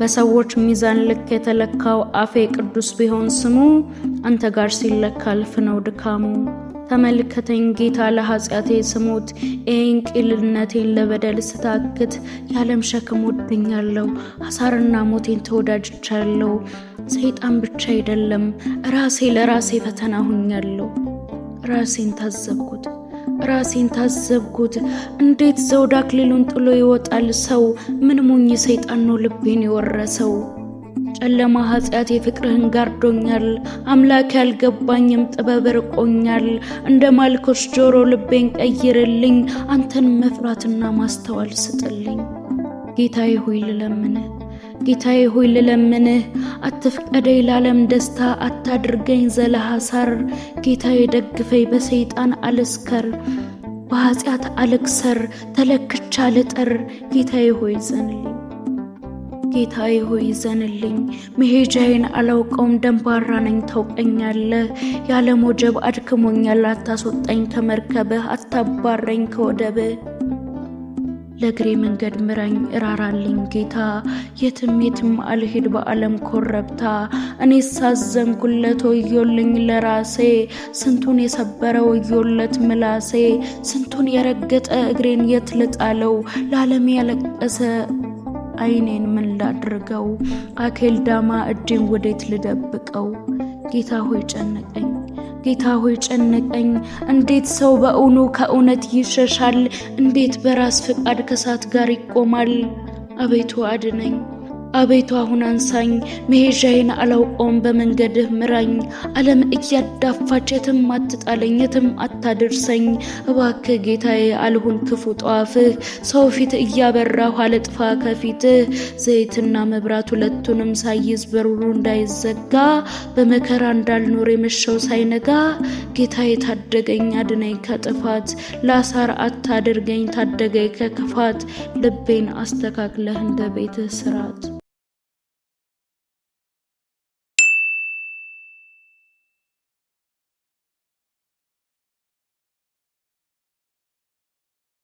በሰዎች ሚዛን ልክ የተለካው አፌ ቅዱስ ቢሆን ስሙ አንተ ጋር ሲለካ ልፍ ነው ድካሙ። ተመልከተኝ ጌታ ለኃጢአቴ ስሞት ይህን ቂልነቴን ለበደል ስታክት የዓለም ሸክም ወድኛለሁ አሳርና ሞቴን ተወዳጅቻለሁ። ሰይጣን ብቻ አይደለም ራሴ ለራሴ ፈተና ሁኛለሁ። ራሴን ታዘብኩት ራሴን ታዘብኩት። እንዴት ዘውድ አክሊሉን ጥሎ ይወጣል ሰው? ምን ሞኝ ሰይጣን ነው ልቤን የወረሰው። ጨለማ ኃጢአት የፍቅርህን ጋርዶኛል። አምላክ ያልገባኝም ጥበብ ርቆኛል። እንደ ማልኮች ጆሮ ልቤን ቀይርልኝ። አንተን መፍራትና ማስተዋል ስጥልኝ ጌታዬ ሆይ ልለምንህ ጌታዬ ሆይ ልለምንህ፣ አትፍቀደኝ ላለም ደስታ፣ አታድርገኝ ዘለሐሳር። ጌታዬ ደግፈኝ፣ በሰይጣን አልስከር፣ በኃጢአት አልክሰር፣ ተለክቻ ልጠር። ጌታዬ ሆይ ዘንልኝ፣ ጌታዬ ሆይ ዘንልኝ። መሄጃዬን አላውቀውም፣ ደንባራ ነኝ ታውቀኛለህ። የዓለም ወጀብ አድክሞኛል፣ አታስወጣኝ ከመርከብህ፣ አታባረኝ ከወደብህ። ለእግሬ መንገድ ምረኝ፣ እራራልኝ ጌታ። የትም የትም አልሄድ በዓለም ኮረብታ። እኔ ሳዘንኩለት ወዮልኝ ለራሴ፣ ስንቱን የሰበረ ወዮለት ምላሴ። ስንቱን የረገጠ እግሬን የት ልጣለው? ለዓለም ያለቀሰ አይኔን ምን ላድርገው? አኬልዳማ እጄን ወዴት ልደብቀው? ጌታ ሆይ ጨነቀኝ ጌታ ሆይ ጨነቀኝ። እንዴት ሰው በእውኑ ከእውነት ይሸሻል? እንዴት በራስ ፈቃድ ከእሳት ጋር ይቆማል? አቤቱ አድነኝ። አቤቱ አሁን አንሳኝ፣ መሄዣዬን አላውቀውም። በመንገድህ ምራኝ። ዓለም እያዳፋች የትም አትጣለኝ፣ የትም አታድርሰኝ። እባክህ ጌታዬ አልሁን ክፉ ጠዋፍህ። ሰው ፊት እያበራሁ አለጥፋ ከፊትህ። ዘይትና መብራት ሁለቱንም ሳይዝ በሩሩ እንዳይዘጋ፣ በመከራ እንዳልኖር የመሸው ሳይነጋ። ጌታዬ ታደገኝ፣ አድነኝ ከጥፋት። ላሳር አታድርገኝ፣ ታደገኝ አድነኝ ከጥፋት ላሳር አታደርገኝ ታደገኝ ከክፋት ልቤን አስተካክለህ እንደ ቤትህ ስራት።